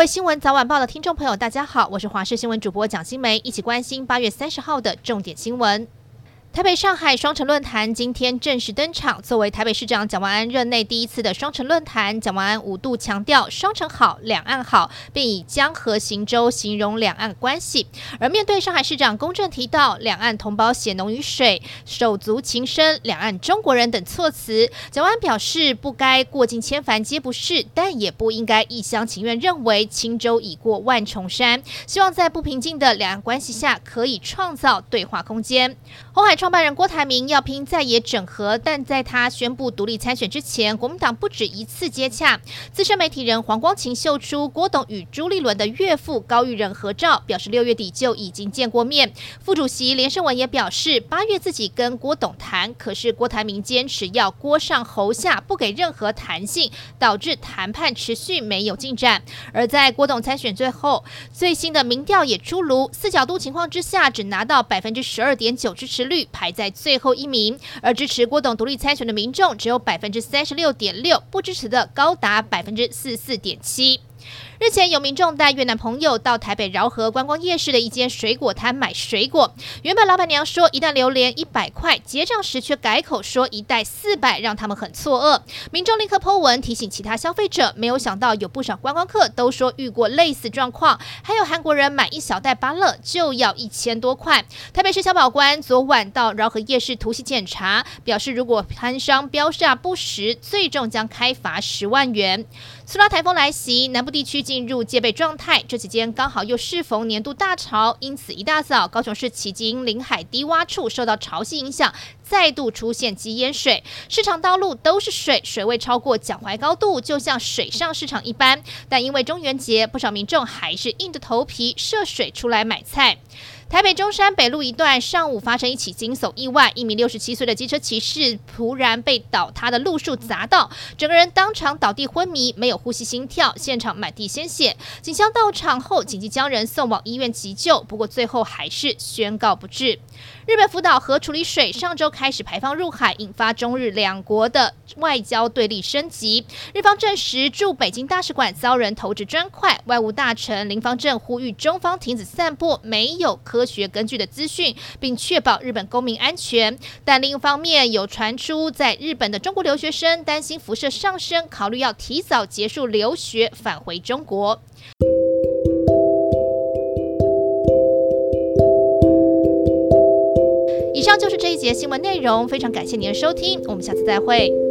各位新聞早晚報的聽眾朋友，大家好，我是華視新聞主播蔣新梅，一起關心八月三十號的重點新聞。台北、上海雙城論壇今天正式登場，作為台北市長蔣萬安任內第一次的雙城論壇，蔣萬安五度強調雙城好、兩岸好，並以江河行舟形容兩岸關係。而面對上海市長龔正提到兩岸同胞血濃於水、手足情深、兩岸中國人等措辭，蔣萬安表示不該過盡千帆皆不是，但也不應該一廂情願認為輕舟已過萬重山。希望在不平靜的兩岸關係下，可以創造對話空間。紅海。創辦人郭台銘要拼在野整合，但在他宣布獨立參選之前，國民黨不止一次接洽。資深媒體人黃光芹秀出郭董與朱立倫的岳父高育仁合照，表示六月底就已經見過面。副主席連勝文也表示，八月自己跟郭董談，可是郭台銘堅持要郭上侯下，不給任何彈性，導致談判持續沒有進展。而在郭董參選最後，最新的民調也出爐，四角度情況之下，只拿到百分之十二點九支持率。排在最後一名，而支持郭董獨立參選的民眾只有百分之三十六點六，不支持的高達百分之四四點七。日前有民眾帶越南朋友到台北饒河觀光夜市的一間水果攤買水果，原本老板娘說一袋榴蓮一百塊，結賬時卻改口說一袋四百，讓他們很錯愕。民眾立刻 PO 文提醒其他消費者，沒有想到有不少觀光客都說遇過類似狀況，還有韓國人買一小袋芭樂就要一千多塊。台北市消保官昨晚到饒河夜市突襲檢查，表示如果攤商標價不實，最重將開罰十萬元。蘇拉颱風來襲，南部地區進入戒備狀態。這期間剛好又適逢年度大潮，因此一大早，高雄市旗津臨海低窪處受到潮汐影響，再度出現積淹水，市場道路都是水，水位超過腳踝高度，就像水上市場一般。但因為中元節，不少民眾還是硬着頭皮涉水出來買菜。台北中山北路一段上午發生一起驚悚意外，一名六十七歲的機車騎士突然被倒塌的路樹砸到，整個人當場倒地昏迷，沒有呼吸心跳，現場滿地鮮血。警消到場後緊急將人送往醫院急救，不過最後還是宣告不治。日本福島核處理水上周開始排放入海，引發中日兩國的外交對立升級。日方證實駐北京大使館遭人投擲磚塊，外務大臣林芳正呼籲中方停止散布，沒有科。科學根據的資訊，並確保日本公民安全。但另一方面，有傳出在日本的中國留學生擔心輻射上升，考慮要提早結束留學，返回中國。以上就是這一節新聞內容，非常感謝您的收聽，我們下次再會。